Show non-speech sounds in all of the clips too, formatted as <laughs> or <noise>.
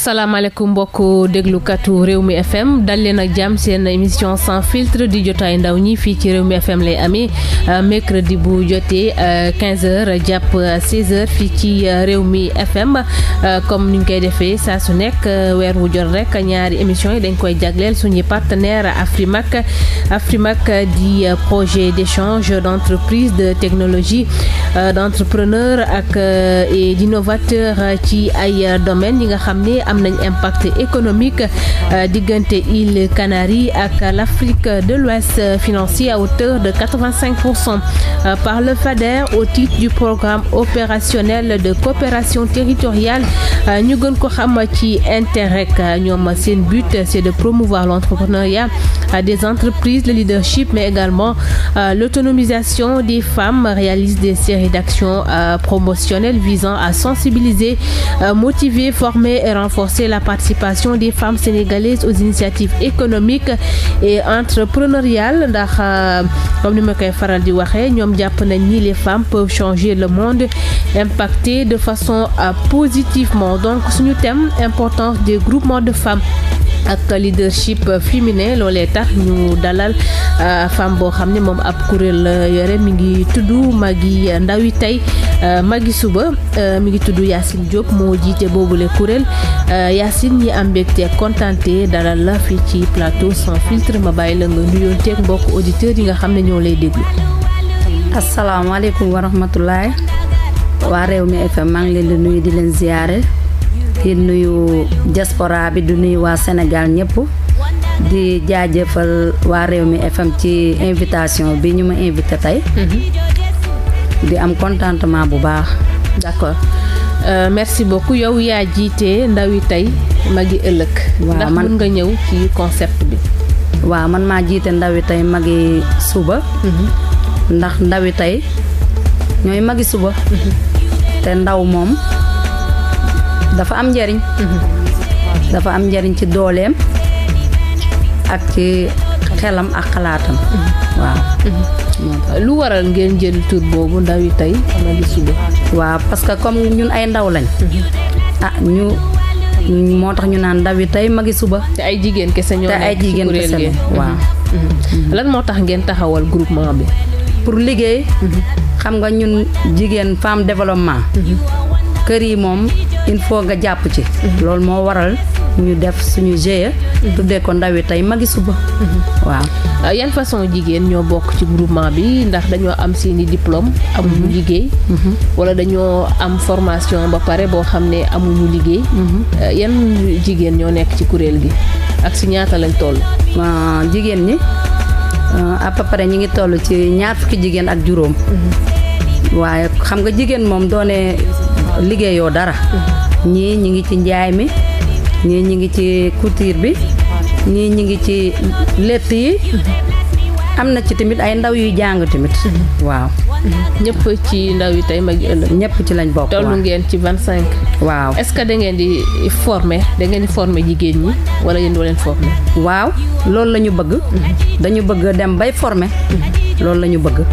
salaamaaleykum mbokku déglukatu réew mi FM dal leen ak jàmm seen émission sans filtre di jotaay ndaw ñi fii ci réew mi FM lay amee euh, mercredi bu jotee 15h euh, jàpp 16h euh, fii ci réew mi FM comme ni koy defee saa su nekk weer wu jot rek ñaari émission dañ koy jagleel suñuy partenaire Afrimac Afrimac di projet d'échange d'entreprise de technologie d'entrepreneur ak et d'innovateur ci ay domaines yi nga xam ni am nañ impact économique euh, diggante îles Canaries ak l'Afrique de l'Ouest euh, financier à hauteur de 85 pour cent euh, par le FADER au programme opérationnel de coopération territoriale ñu gën ko xam ci Interreg ñoom seen but c'est de promouvoir l'entrepreneuriat des entreprises le leadership mais également l'autonomisation des femmes réalise des séries d'actions promotionnelles visant à sensibiliser renforcer la participation des femmes sénégalaises aux initiatives économiques et entrepreneuriales ndax euh, comme ni ma koy faral di waxee ñoom jàpp nañ ni les femmes peuvent changer le monde impacter de façon euh, positivement donc suñu thème importance des groupements de femmes ak leadership féminin loolee tax ñu dalal euh, femme boo xam ne moom ab kuréel yore mi ngi tudd mag Maggy Ndawi tey euh, Maggy suba euh, mi ngi tudd Yacine Diop moo jiite boobule kuréel Yacine ñi am mbégte contenté dalal la fii ci plateau sans filtre ma bàyyi la nga nuyoon teeg mbokk auditeurs yi nga xam ne ñoo lay déglu. asalaamaaleykum wa rahmatulah waa Rewmi mi maa ngi leen di nuyu di leen ziare. di nuyu diaspora bi du nuyu waa Sénégal ñëpp di jaajëfal waa réew mi FM ci invitation bi ñu ma invité tey. Mhm. di am contentement bu baax. d'accord euh, merci beaucoup yow yaa jiite ndawi tey magi ëllëg. waaw man nga ñëw ci concept bi. waaw man maa jiite ndawi tey magi suba. Mhm. ndax ndawi tey ñooy magi suba. Mhm. te ndaw moom. dafa am njariñ mhm. dafa am njariñ ci dooleem ak ci xelam ak xalaatam mhm. waaw mhm. lu waral ngeen jël tur boobu ndaw yi tey xanaa di suba waaw parce que comme ñun ay ndaw lañ ah ñu moo tax ñu naan ndaw yi tey magi suba te ay jigéen kese ñoo te ay jigéen kese la waaw lan moo tax ngeen taxawal groupement bi pour liggéey xam nga ñun jigéen femme développement kër yi moom il faut nga jàpp ci loolu moo waral ñu def suñu GIE tuddee ko ndawi tey magi suba waaw euh, yan façon jigéen ñoo bokk ci groupement bi ndax dañoo am seeni diplôme mu mhm. liggéey mhm. wala dañoo am formation ba pare boo xam ne amul mu liggéey mhm. euh, yan jigéen ñoo nekk ci kuréel gi ak si ñaata lañ toll euh, jigéen ñi à peu près ñi ngi toll ci ñaar fukki jigéen ak juróom waaye xam nga jigéen moom doone liggéeyoo dara ñii ñi ngi ci njaay mi ñii ñi ngi ci couture bi ñii ñi ngi ci lett yi am na ci tamit ay ndaw yuy jàng tamit waaw ñëpp ci ndaw yi tey mag yi ëllëg ñëpp ci lañ bokk tollu ngeen ci vingt cinq waaw est-ce que da ngeen di former da ngeen di former jigéen ñi wala yéen doo leen former waaw loolu lañu bëgg mhm. dañu bëgg dem bay forme mhm. loolu lañu bëgg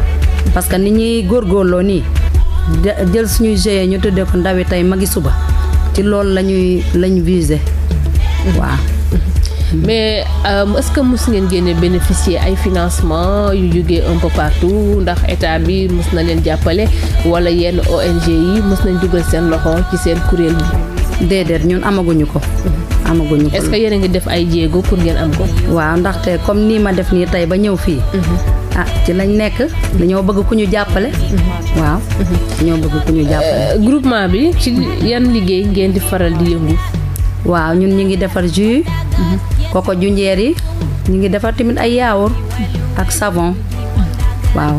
parce que ni ñuy góorgóorloo nii jël suñuy GIE ñu tuddee ko ndawi tey magi suba ci loolu la ñuy lañ visé waa mais euh, est-ce que mus ngeen génne bénéficier ay financement yu jógee un peu partout ndax état bi mus na leen jàppale walla yenn ONG yi mus nañ dugal seen loxo ci seen kuréel bi. déedéet ñun amaguñu ko. amaguñu ko est-ce que yéen a ngi def ay jéego pour ngeen am ko. waaw ndaxte comme nii ma def nii tey ba ñëw fii. Mhm. ah ci lañ nekk dañoo bëgg ku ñu jàppale mm-hmm. waaw dañoo bëgg ku jàppale eh, groupement bi ci yan liggéey ngeen di faral di yëngu waaw ñun ñu ngi defar jus koko mm-hmm. junjeer yi ñu ngi defar tamit ay yaawur ak savon waaw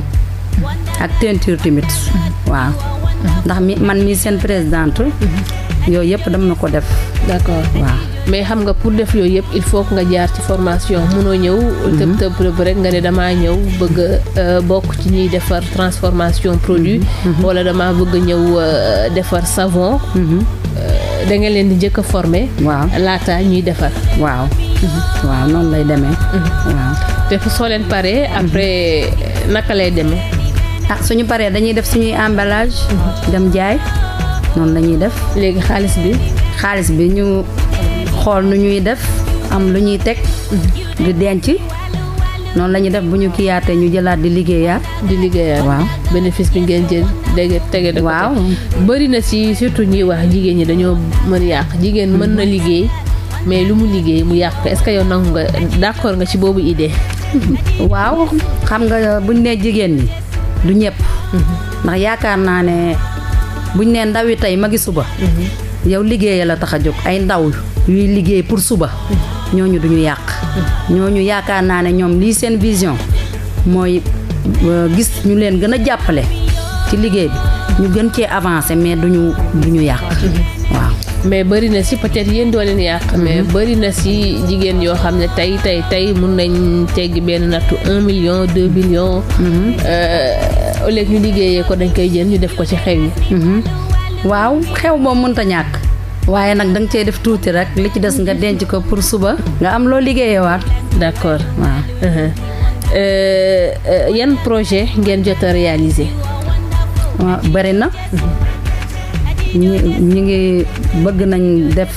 ak teinture tamit mm-hmm. waaw ndax mi man mi seen présidente yooyu yëpp dama ko def. d'accord waaw. mais xam nga pour def yooyu yëpp il faut nga jaar ci formation mënoo ñëw. Mhm. tëb tëb rek nga ne dama ñëw bëgg euh, bokk ci ñuy defar transformation produit. Mhm. Mhm. wala damaa bëgg a ñëw euh, defar savon. Euh, da leen di njëkk a former. laata ñuy defar. waaw. waaw noonu lay demee. waaw te soo leen paree après naka lay demee. ah suñu paree dañuy def suñuy emballage. dem jaay. noonu la ñuy def léegi xaalis bi xaalis bi ñu xool nu ñuy def am lu ñuy teg di denc noonu la ñuy def bu ñu kiyaatee ñu jëlaat di liggéeyaat. di liggéeyaat waaw bénéfice bi ngeen jël dégg tege da waaw bëri na ci surtout ñuy wax jigéen ñi dañoo mën yàq jigéen mën na mm-hmm. liggéey mais lu mu liggéey mu yàq est-ce que yow nangu nga d'accord nga ci boobu idée <laughs> waaw xam nga buñ nee jigéen ñi du ñëpp mm-hmm. ndax yaakaar naa ne buñ nee ndaw yi tey magi suba. Mhm. yow liggéeya la tax a jóg ay ndaw yuy liggéey pour suba. Mhm. ñooñu duñu yàq. Mhm. ñooñu yaakaar naa ne ñoom lii seen vision mooy euh, gis ñu leen gën a jàppale ci liggéey bi ñu gën cee avancé mais duñu ñu yàq. waaw mais bëri na si peut-être yéen doo leen yàq. mais bëri na si jigéen yoo xam ne tey tey tey mun nañ teggi benn nattu un million deux millions. Mm au ñu liggéeyee ko dañ koy jël ñu def ko ci xew yi. Mhm. waaw xew moom mënta ñàkk. waaye nag da cee def tuuti rek li ci des nga denc ko pour suba. nga am loo liggéeyewaat. d'accord waaw. Uh-huh. Euh, euh, yan projet ngeen jot a réalisé. waaw bëri na. Uh-huh. ñi ngi bëgg nañ def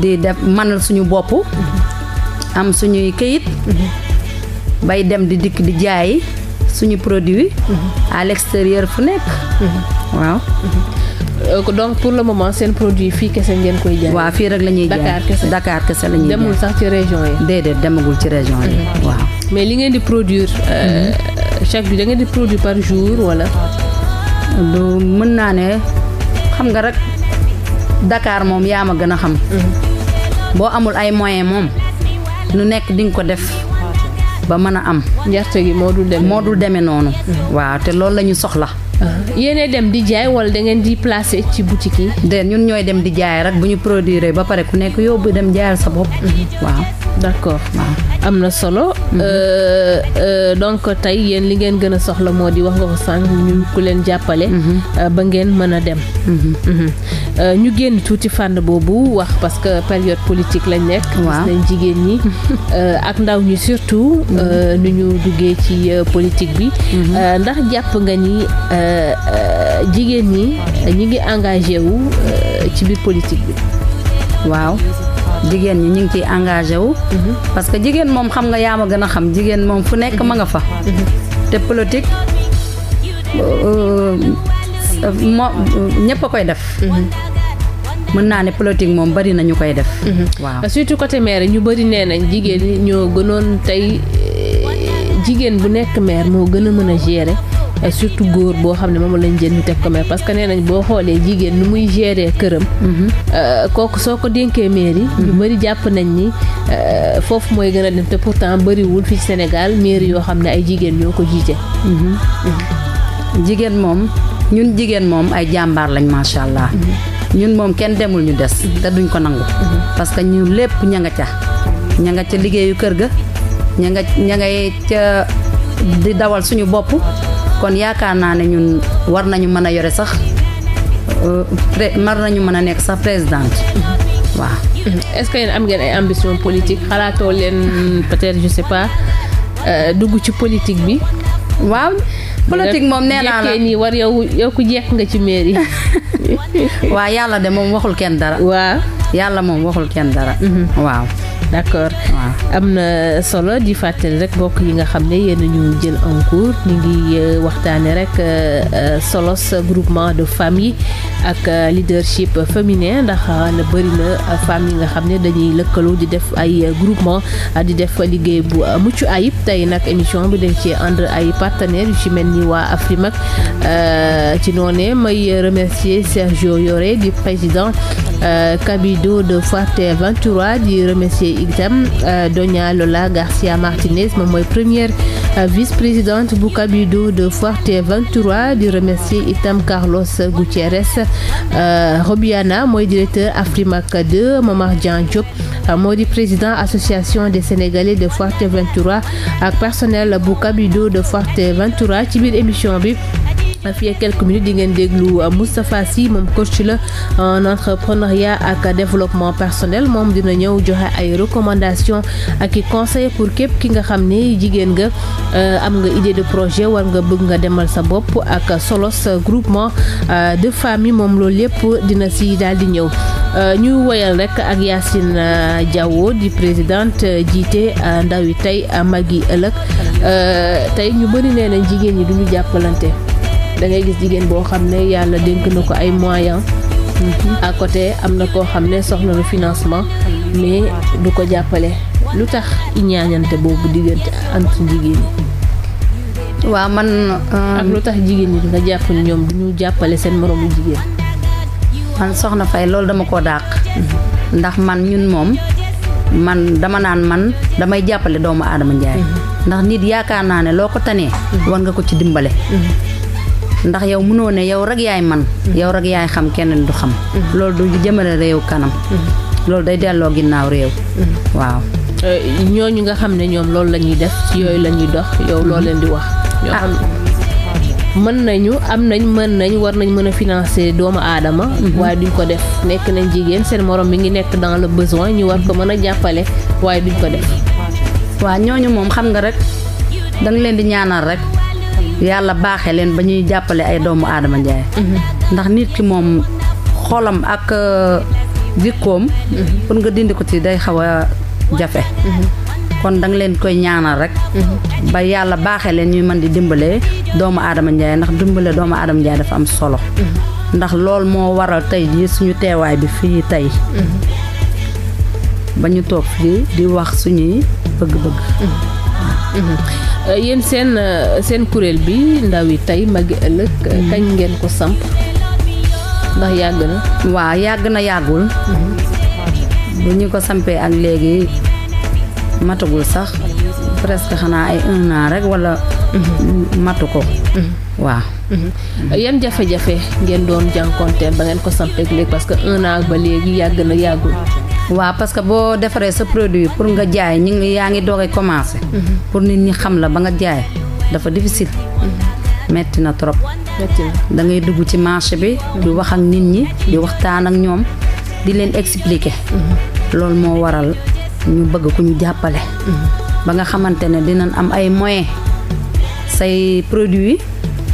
di def mënal suñu bopp. Uh-huh. am suñuy këyit. bay dem di dikk di jaay suñu produit. Mhm. à l'extérieur fu nekk. Mhm. waaw. Euh, donc pour le moment seen produit fii kese ngeen koy jaay. waaw fii rek la ñuy jaay Dakar kese la ñuy jaay sax ci région yi. déedéet demagul ci région yi mhm. waaw. mais li ngeen di produire. Euh, chaque jour da di produire par jour wala. du mën naa ne xam nga rek dakaar moom yaa ma gën a xam. boo amul ay moyens moom. nu nekk di nga ko def. ba mën a am. njarte gi moo dul demee moo dul demee noonu. waaw te loolu la ñu soxla. yéenay dem di jaay wala da ngeen di placer ci boutique yi. de ñun ñooy dem di jaay rek bu ñu produire ba pare ku nekk yóbbu dem jaayal sa bopp. Mhm. waaw. d'accord am na solo. Mhm. Euh, euh, donc tey yéen li ngeen gën a soxla moo di wax nga ko sànq ñu ku leen jàppale. Mhm. Euh, ba ngeen mën a dem. Mhm. ñu génn tuuti fànn boobu wax parce que période politique lañ nekk. waaw jigéen ñi <laughs> ak ndaw ñi surtout. nu ñu duggee ci politique bi. ndax jàpp nga ni jigéen ñi ñi ngi engagé wu ci biir politique bi waaw. jigéen ñi ñu ngi ciy engagé wu. Mhm. parce que jigéen moom xam nga yaam a gën a xam jigéen moom fu nekk ma nga fa. Mhm. te politique euh, euh, moo a koy def. Mhm. mën naa ne politique moom bari nañu koy def. waaw surtout côté maire ñu bari nee nañ jigéen ñoo gënoon tey euh, jigéen bu nekk maire moo gën a mën a gérer. Euh, surtout góor boo xam ne moom lañ jël ñu teg ko maire parce que nee nañ boo xoolee jigéen nu muy gérer këram. Mhm. Euh, kooku soo ko dénkee mairie. ñu mhm. bëri jàpp nañ ni euh, foofu mooy gën a dem te pour pourtant bëriwul fi Sénégal mairie yoo xam ne ay jigéen ñoo ko jiite. Mhm. jigéen moom ñun jigéen moom ay jàmbaar lañ macha allah. ñun moom kenn demul ñu des. te duñ ko nangu. parce que ñu lépp ña nga ca. ña nga ca liggéeyu kër ga. ña nga ña ngay ca di dawal suñu bopp. kon yaakaar naa ne ñun war nañu mën a yore sax euh, mar nañu mën a nekk sax présidente waaw. est-ce que yéen am ngeen ay ambition politique xalaatoo leen peut-être je sais pas euh, dugg ci politique bi. waaw politique moom nee naa la war yow yow ku jeex nga ci mairie. <laughs> <laughs> waa yàlla de moom waxul kenn dara. waaw yàlla moom waxul kenn dara. Mhm. waaw. d'accord waaw am na solo di fàttali rek mbokk yi nga xam ne yéen ñu jël en cours ñu ngi euh, waxtaane rek euh, euh, solos groupement de femmes yi ak leadership féminin ndax na bëri na femmes yi nga xam ne dañuy lëkkaloo di def ay groupement di def liggéey bu mucc ayib tey nag émission bi dañ ci ànd ay partenaires yu ci mel ni waa Afrimak ci noonee may remercier Sergio Yoré du président euh, Cabildo de Fuerteventura di remercier itam euh, Doña Lola Garcia Martinez moom mooy première euh, vice-présidente bu Cabildo de Fuerteventura di remercier itam Carlos Gutiérrez Robiana mooy directeur Afrimac 2 Momar Dian Diop moo di président association des Sénégalais de Fuerteventura ak personnel bu Cabildo de Fuerteventura ci biir émission bi fii ak di ngeen déglu euh, Moustapha Sy moom coach la en entrepreneuriat ak développement personnel moom dina ñëw joxe ay recommandation ak i conseil pour képp ki nga xam ni jigéen nga euh, am nga idée de projet war nga bëgg nga demal sa bopp ak solo solos groupement euh, de famille moom loolu lépp dina si daal di ñëw ñuy woyal rek ak Yacine Diawo di présidente jiite ndaw yi tey mag yi ëllëg tey ñu bëri nee jigéen ñi duñu jàppalante da ngay gis jigéen boo xam ne yàlla dénk na ko ay moyens mhm. à côté am na koo xam ne soxla na financement mais du ko jàppale lu tax iñaañante boobu diggante entre jigéen yi waaw man ak lu euh, tax jigéen ñi nga jàpp ñoom du ñu jàppale seen moroomu jigéen man soxna fay loolu dama koo dàq mhm. ndax man ñun moom man dama naan man damay jàppale doomu aadama Njaay mhm. ndax nit yaakaar naa ne loo ko tanee war nga ko ci dimbale ndax yow mënoo ne yow rek yaay man yow rek yaay xam keneen du xam loolu du jëmale réew kanam loolu day delloo ginnaaw réew waaw euh, ñooñu nga xam ne ñoom loolu la ñuy def ci yooyu la ñuy dox yow loolu leen di wax ñoo xam ah. mën nañu am nañ mën nañ war nañ mën a financer doomu aadama mhm. waaye duñ ko def nekk nañ jigéen seen moroom mi ngi nekk dans le besoin ñu war ko mën a jàppale waaye duñ ko def waaw ñooñu moom xam nga rek danga leen di ñaanal rek yàlla baaxee leen ba ñuy jàppale ay doomu adama njaay mhm. ndax nit ki moom xolam ak euh, jikkoom mhm. pour nga dindi ko ci day xaw a jafe mhm. kon danga leen koy ñaanal rek ba yàlla baaxee leen ñuy man di dimbale doomu aadama njaay ndax dimbale doomu aadama njaay dafa am solo ndax lool moo waral tey ji suñu teewaay bi fii tey ba ñu toog fii di wax suñuy bëgg-bëgg Euh, yéen seen euh, seen kuréel bi ndaw yi tey magi ëllëg euh, mm-hmm. kañ ngeen ko samp ndax yàgg na waaw yàgg na yàggul mm-hmm. bu ñu ko sampee ak léegi matagul sax presque xanaa ay un an rek wala Mm-hmm. matu ko mm-hmm. waaw mm-hmm. yan jafe-jafe ngeen doon jànkonteel ba ngeen ko sampeeg léegi parce que un an ba léegi yàgg na yàggul waaw parce que boo defaree sa produit pour nga jaay ñu ngi yaa ngi doog a commencé pour nit ñi xam la ba nga jaay dafa difficile metti na trop dangay dugg ci marché bi di wax ak nit ñi di waxtaan ak ñoom di leen expliquer loolu moo waral ñu bëgg ku ñu jàppale ba nga xamante ne dinañ am ay moyens say produit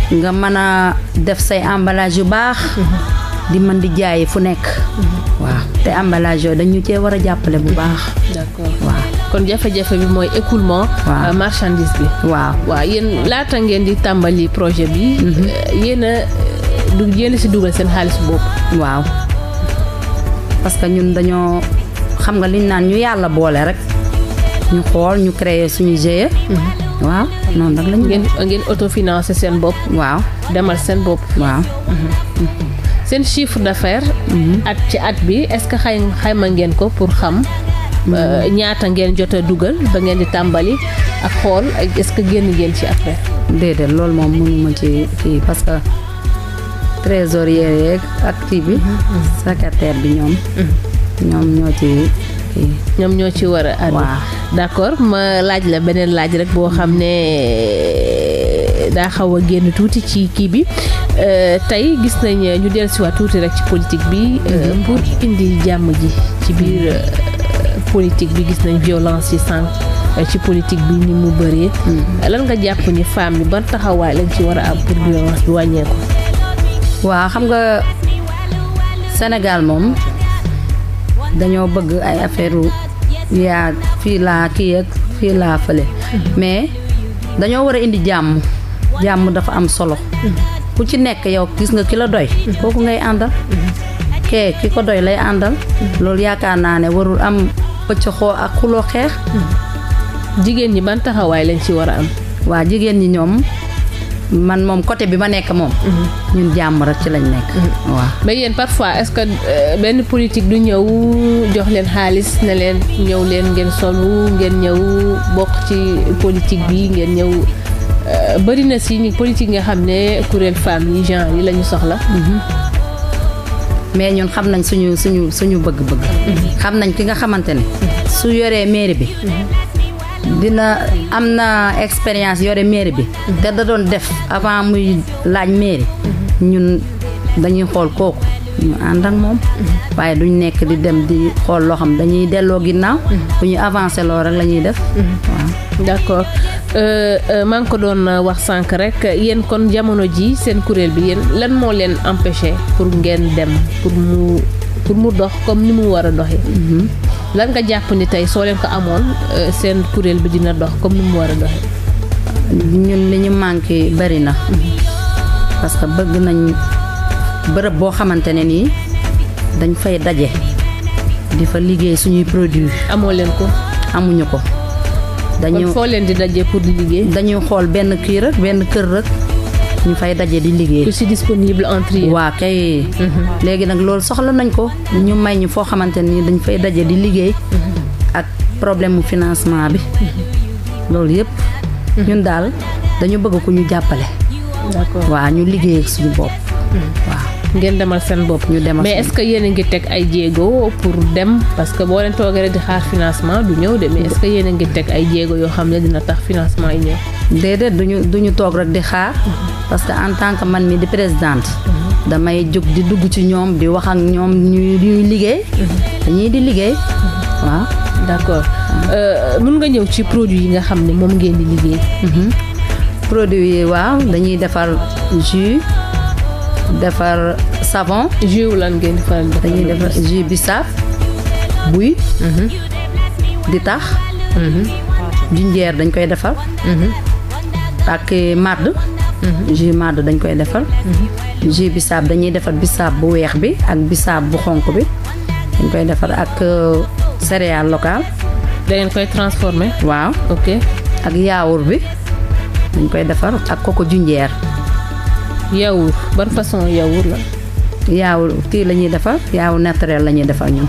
nga mën a def say emballage yu baax di mën di jaay fu nekk waaw te emballage yooyu dañu cee war a jàppale bu baax d'accord waaw kon jafe-jafe bi mooy écoulement waaw euh, marchandise bi waaw waaw yéen laata ngeen di tàmbali projet bi mhm. euh, yéen a du yéen si dugal seen xaalis bopp waaw parce que ñun dañoo xam nga liñ naan ñu yàlla boole rek ñu xool ñu créer suñu GIE mhm. waaw noonu lañ ngeen ngeen autofinancé seen bopp. waaw demal seen bopp. waaw. <laughs> seen chiffre d'affaires. Mhm. at ci at bi est-ce que xay xayma ngeen ko pour xam. Mhm. Euh, ñaata ngeen jot a dugal ba ngeen di tàmbali ak xool est-ce génn ngeen ci après. déedéet loolu moom mënuma ci kii parce que trésorier yeeg ak bi. Mhm. secrétaire bi ñoom. ñoom ñoo ci. ñoom ñoo ci war a àddu. d' accord ma laaj la beneen laaj rek boo xam ne eh, daa xaw a génn tuuti ci kii bi euh, tey gis nañ ñu dellusiwaat tuuti rek ci politique bi. Euh, mhm. pour indi jàmm ji ci biir euh, politique bi gis nañ violence yi sànq. ci politique bi ni mu bëree. Mhm. lan nga jàpp ni femme yi ban taxawaay lañ ci war a am pour violence bi wàññeeku. waaw xam nga Sénégal moom. dañoo bëgg ay affaire yaa fii laa kii ak fii laa fële mais dañoo war a indi jàmm jàmm dafa am solo ku ci nekk yow gis nga ki la doy kooku ngay àndal kee ki ko doy lay àndal loolu yaakaar naa ne warul am pëccëxoo ak xuloo xeex jigéen ñi ban taxawaay lañ ci war a am waa jigéen ñi ñoom man moom côté bi ma nekk moom. Mhm. ñun jàmm ci lañ nekk. Mhm. waaw mais yéen parfois est-ce que euh, benn politique du ñëw jox leen xaalis ne leen ñëw leen ngeen solu ngeen ñëw bokk ci politique bi ngeen ñëw euh, bëri na si ni politique nga xam ne kuréel femmes yi genre yi la ñu soxla. Mhm. mais ñun xam nañ suñu suñu suñu bëgg-bëgg. xam nañ ki nga xamante ne. su yoree maire bi. dina am na expérience yore mairie bi. te da doon def avant muy laaj mairie. ñun dañuy xool kooku ñu ànd ak moom. waaye duñ nekk di dem di xool loo xam dañuy delloo ginnaaw. bu ñu avancé loo rek la ñuy def. waaw d'accord euh, euh, maa ngi ko doon wax sànq rek yéen kon jamono ji seen kuréel bi yéen lan moo leen empêché pour ngeen dem pour mu pour mu dox comme ni mu war a doxee. Mhm. lan nga jàpp ni tey soo leen ko amoon euh, seen kuréel bi dina dox comme ni mu war a doxee. ñun li ñu manqué bari na. parce que bëgg nañ bërëb boo xamante ne nii dañ fay daje. di fa liggéey suñuy produit amoo leen ko. amuñu ko. dañu foo leen di daje pour liggéey. dañuy xool benn kii rek benn kër rek. ñu fay daje di liggéey. je suis disponible entre yéen. waa kay. Mhm. léegi nag loolu soxla nañ ko ñu may ñu foo xamante nii dañ fay daje di liggéey. Mhm. ak problème mu financement bi. Mhm. loolu yëpp. ñun daal dañu bëgg ku ñu jàppale. d'accord waa ñu liggéey ak suñu bopp. waaw. ngeen demal seen bopp ñu demal mais est-ce que yéen a ngi teg ay jéego pour dem parce que boo leen toogee rek di xaar financement du ñëw de mais est-ce que yéen ngi teg ay jéego yoo xam ne dina tax financement yi ñëw. déedéet duñu duñu toog rek di xaar parce que en tant que man mi di présidente damay jóg di dugg ci ñoom di wax ak ñoom ñuy ñuy liggéey dañuy di liggéey waaw d'accord euh, mën nga ñëw ci produit yi nga xam ne moom ngeen di liggéey mhm. produit yi waaw dañuy defar jus defar savon jus lan ngeen di faral dañuy defar jus bissap buy mhm. di tax mhm. junjeer dañ koy defar ak màdd mhm. jus màdd dañ koy defar mhm. jus bisaab dañuy defar bisaab bu weex bi ak bisaab bu xonk bi dañ koy defar ak euh, céréale locale da ngeen koy transformer waaw ok ak yaawur bi dañ koy defar ak koko junjeer yaawur ban façon yaawur la yaawur kii la ñuy defar yaawur naturel la ñuy defar ñun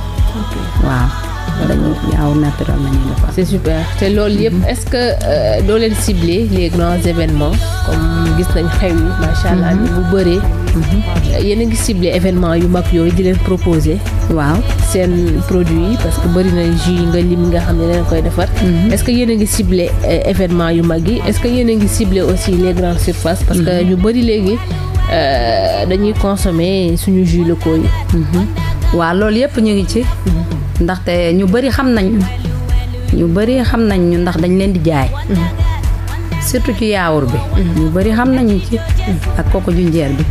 waaw dañu ñaaw naturel la ñuy defar. c'est super te loolu yëpp est-ce que euh, doo leen cible les grands événements comme gis nañ xew yi macha allah ni mhm. bu bëree. Mhm. yéen a ngi ciblé événement yu mag yooyu di leen proposé. waaw seen produit yi parce que bëri na jus yi nga lim nga xam ne koy defar. Mhm. est-ce que yéen a ngi ciblé euh, événement yu mag yi est-ce que yéen a ngi ciblé aussi les grandes surfaces. parce que ñu bëri léegi euh, dañuy consommer suñu jus locaux yi. waaw loolu yëpp ñu ngi ci. ndaxte ñu bari xam nañ ñu bëri xam nañ ñu ndax dañ leen di jaay mm-hmm. surtout ci yaawur bi mm-hmm. ñu bëri xam nañu ci mm-hmm. ak kooku njeer bi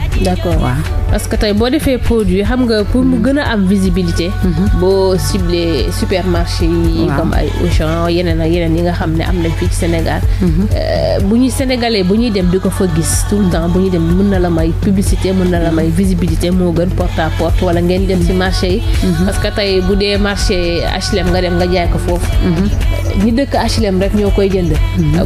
waa parce que tey boo defee produit xam nga pour mu mm-hmm. gën a am visibilité. Mm-hmm. boo cible supermarché yi. comme ay Auchan yeneen ak yeneen yi nga xam ne am nañ fii ci Sénégal. Mm-hmm. Euh, bu ñuy sénégalee bu ñuy dem di ko fa gis tout le temps bu ñuy dem mun na la may publicité mun na la may visibilité moo gën porte à porte wala ngeen dem ci marché yi. parce que tey bu dee marché HLM nga dem nga jaay ko foofu. ñu dëkk HLM rek ñoo koy jënd.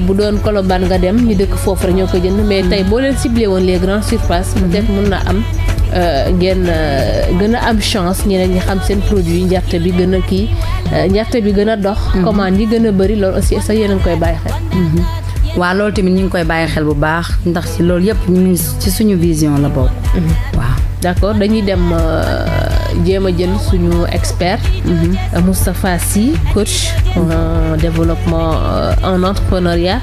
bu doon Colobane nga dem ñi dëkk foofu rek ñoo koy jënd mais tey boo leen woon les grandes surfaces. peut-être mën na am. Euh, ngeen euh, gën a am chance ñeneen ñi xam seen produit njarte bi gën a kii euh, njarte bi gën a dox. Mhm. commande yi gën a bëri loolu aussi sax yéen a ngi koy bàyyi xel. Mhm. waaw loolu tamit ñu ngi koy bàyyi xel bu baax ndax ci loolu yëpp ñu ci suñu vision la bokk. Mhm. waaw d'accord dañuy dem jéem a jël suñu expert. Moustapha si coach développement en entrepreneuriat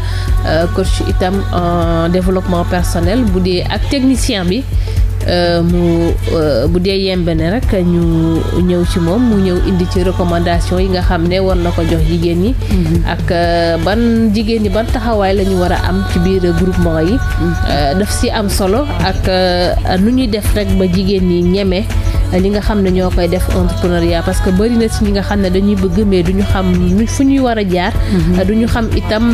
coach itam en développement personnel bu dee ak technicien bi. Euh, mu euh, bu dee yembe ne rek ñu ñëw ci moom mu ñëw indi ci recommandation yi nga xam ne war na ko jox jigéen ñi. Mm-hmm. ak euh, ban jigéen ñi ban taxawaay lañu ñu war a am ci biir groupement yi. Mm-hmm. daf si am solo ak nu ñuy def rek ba jigéen ñi ñeme. li nga xam ne ñoo koy def entrepreneuriat parce que bëri na ci ñi nga xam ne dañuy bëgg mais duñu xam fu ñuy war a jaar. Mm-hmm. duñu xam itam.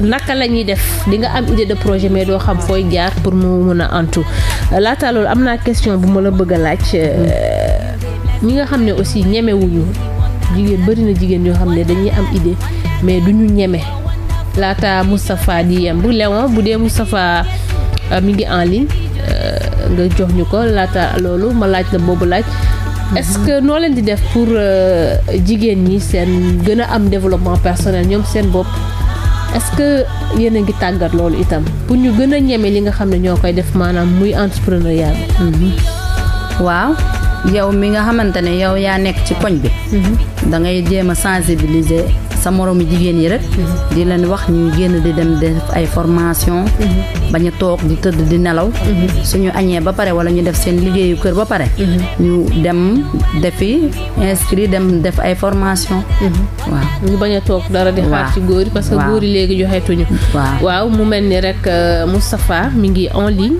naka la ñuy def di nga am idée de projet mais doo xam fooy jaar pour mu mën a antu laata loolu am naa question bu ma la bëgg a laaj euh, ñi nga xam ne aussi ñemewuñu jigéen bëri na jigéen yoo xam ne dañuy am idée mais du ñu ñeme laata Moustapha di yem bu Léon bu dee Moustapha euh, mi ngi en ligne euh, nga jox ñu ko laata loolu ma laaj la boobu laaj est que noo leen di def pour jigéen ñi seen gën a am développement personnel ñoom seen bopp est que yéen a ngi tàggat loolu itam pour ñu gën a ñeme li nga xam ne ñoo koy def maanaam muy entrepreneuriat bi. Mhm. waaw yow mi nga xamante ne yow yaa nekk ci koñ bi. Mhm. da ngay jéem a sensibiliser. sa moroomu jigéen yi rek. di leen wax ñuy génn di dem def ay formation bañ a toog di tëdd di nelaw. suñu añee ba pare wala ñu def seen liggéeyu kër ba pare. ñu dem defi inscrit dem def ay formation waaw ñu bañ a toog dara di xaar ci góor yi parce que góor yi léegi joxetuñu. waaw mu mel ni rek euh, Moustapha mi ngi en ligne.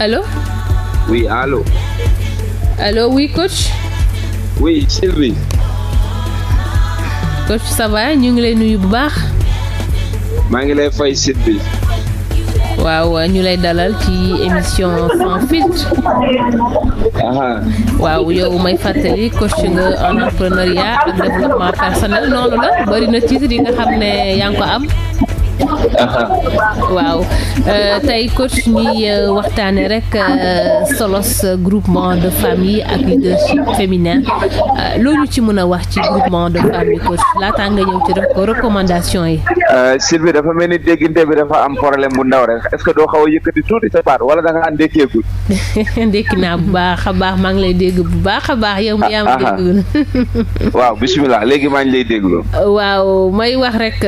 Allô Oui, allô. Allô, oui, coach Oui, Sylvie. coach ça ñu ngi lay nuyu bu baax. maa ngi lay fay Sylvie. waaw ñu lay dalal ci émission sans filtre. waaw yow may fàttali coach nga en entrepreneuriat ak développement personnel noonu la bari na titre nga xam ne yaa ngi ko am. waaw euh, tey coach ñuy euh, waxtaane rek euh, solos groupement de famille ak leadership féminin loolu ci mën a wax ci groupement de famille coach laataa nga ñëw ci def ko recommandation yi Sylvie dafa mel ni dégginte bi dafa am problème bu ndaw rek est que doo xaw a yëkkati tuuti sa baat wala da nga ndékkeegu <laughs> ndékki naa bu baax a baax maa ngi lay dégg bu baax a baax yow yaa ma dégg <laughs> waaw bismillah léegi maa ngi lay déglu waaw may wax rek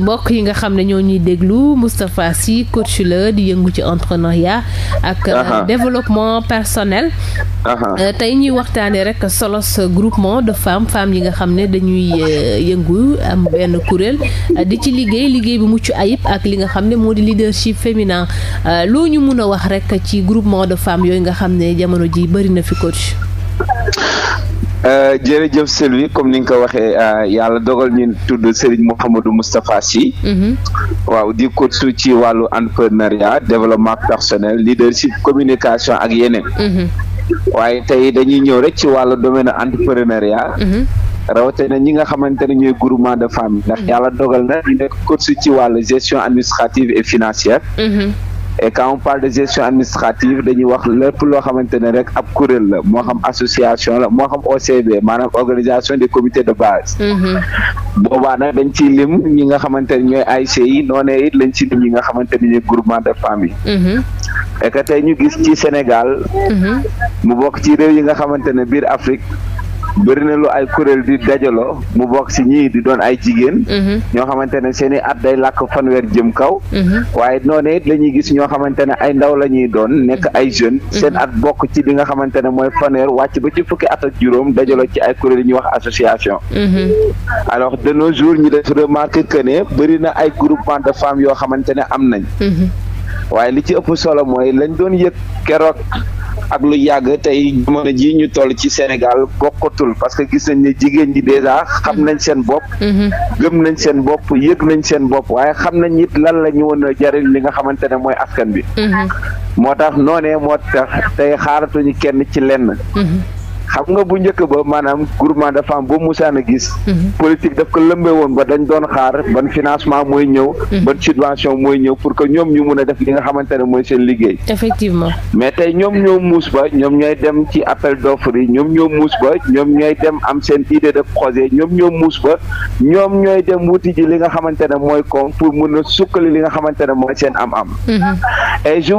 mbokk yi nga xam ne ñoo ñuy déglu Moustapha si coach la di yëngu ci entrepreneuriat ak euh, développement personnel euh, tey ñuy waxtaane rek solos groupement de femmes femmes yi nga xam ne dañuy euh, yëngu am benn kuréel di ci liggéey liggéey bu mucc ayib ak li nga xam ne moo di leadership féminin loo ñu mun a wax rek ci groupement de femmes yooyu nga xam ne jamono ji bëri na fi coach Euh, jërëjëf Sylvie comme ni nga ko waxee euh, yàlla dogal ñu tudd Serigne Mouhamadou Moustapha si mhm. waaw di ko su ci wàllu entrepreneuriat développement personnel leadership communication ak yeneen. Mhm. waaye tey dañuy ñëw rek ci wàllu domaine entrepreneuriat. Mhm. rawatina ñi nga xamante ne ñooy groupement de femmes ndax yàlla dogal na ñu nekk coach ci wàllu gestion administrative et financière. e quand on parle de gestion administrative dañuy wax lépp loo xamante ne rek ab kuréel la moo xam association la moo xam OCB maanaam organisation des comités de base. Mm-hmm. boobaa nag dañ ci lim ñi nga xamante ne ñooy AIC yi noonee it lañ ci lim ñi nga xamante ne ñooy groupement de famille. Mm-hmm. et que ñu gis ci Sénégal. Mm-hmm. mu bokk ci réew yi nga xamante ne biir Afrique. bëri na lu ay kuréel di dajaloo mu bokk si ñi di doon ay jigéen. Mhm. ñoo xamante ne seen i at day làkk fanweer jëm kaw. Mhm. waaye noonu it la ñuy gis ñoo xamante ne ay ndaw la ñuy doon nekk ay jeunes. Mhm. seen at bokk ci li nga xamante ne mooy fanweer wàcc ba ci fukki at ak juróom dajaloo ci ay kuréel yi ñuy wax association. alors de nos jours ñu def remarque que ne bëri na ay groupement de femmes yoo xamante ne am nañ. waaye li ci ëpp solo mooy lañ doon yëg keroog. ak lu yàgg tey jamono ji ñu toll ci Sénégal bokkatul parce que gis nañ ne jigéen ñi déjà xam nañ seen bopp. Mhm. gëm nañ seen bopp yëg nañ seen bopp waaye xam nañ it lan la ñu woon jariñ li nga xamante ne mooy askan bi. Mhm. moo tax noonee moo tax tey xaaratuñu kenn ci lenn. Mhm. xam nga bu njëkk ba maanaam groupement de femmes bu musaan a gis. Mhm. politique daf ko lëmbee woon ba dañ doon xaar ban financement mooy ñëw. Mhm. ban subvention mooy ñëw pour que ñoom ñu mun a def li nga xamante ne mooy seen liggéey. effectivement mais tey ñoom ñoo muus ba ñoom ñooy dem de projet ñoom li nga xamante ne mooy kon pour mun a sukkali li nga ne mooy seen am-am. Mhm. et je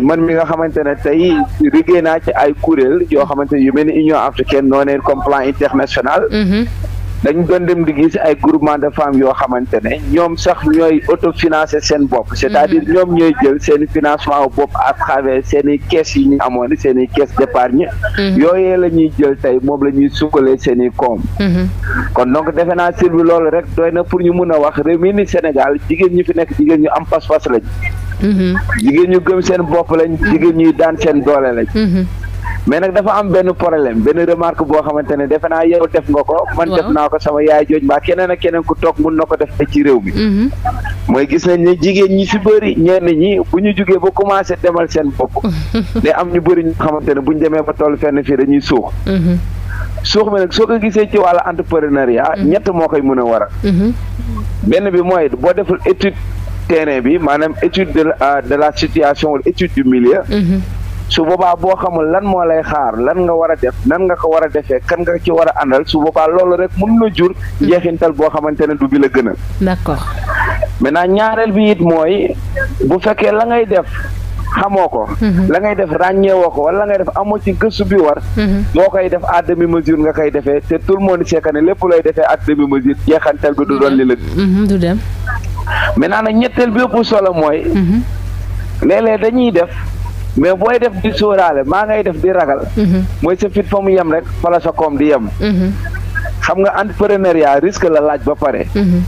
man mi nga xamante ne tey liggéey naa ci ay kuréel yoo xamante ne yu mel ni union africaine noonee comme plan international. Mhm. dañ doon dem di gis ay groupement de femmes yoo xamante ne ñoom sax ñooy autofinancé seen bopp. c'est-à-dire mhm. ñoom ñooy jël seen financement bopp à travers seen caisse yi ñu amoon seen i caisse d'épargne. Mhm. yooyee la ñuy jël tey moom la ñuy sukkalee seen i koom. kon donc defe naa Sylvie loolu rek doy na pour ñu mun a wax réew mi ni Sénégal jigéen ñu fi nekk jigéen ñu am pas-pas lañ. jigéen ñu gëm seen bopp lañ. jigéen ñuy daan doole lañ. mais nag dafa am benn problème benn remarque boo xamante ne defe naa yow def nga ko man def naa ko sama yaay jooj mbaa keneen a keneen ku toog mun na ko def ci réew mi mhm. mooy gis nañ ne jigéen ñi si bëri ñenn ñi bu ñu jugee ba commencé demal seen bopp <laughs> ne am ñu bëri ñu xamante ne bu ñu demee ba toll fenn fii dañuy suux mhm. suux mi nag soo ko gisee ci wàllu entrepreneuriat mhm. ñett moo koy mën a waral benn bi mooy boo deful étude terrain bi maanaam étude de de la situation wala su boobaa boo xamul lan moo lay xaar lan nga war a def nan nga ko war a defee kan nga ci war a àndal su boobaa loolu rek mën na jur njeexintal boo xamante ne du bi la gën a. d'accord maintenant ñaareel bi mooy bu fekkee la ngay def. xamoo ko mhm. la ngay def ràññeewoo ko wala la ngay def amoo ci gëstu bi war mhm. boo koy def à demi mesure nga koy defee te tout le monde sait que ne lépp looy defee à demi mesure jeexantal bi du doon li la mhm, du dem maintenant nag ñetteel ëpp solo mooy léeg dañuy def mais booy def di sóoraale maa ngay def di ragal. Mhm. mooy sa fit fa mu yem rek fa la sa koom di yem. Mhm. xam nga entrepreneuriat risque la laaj ba pare. Mhm.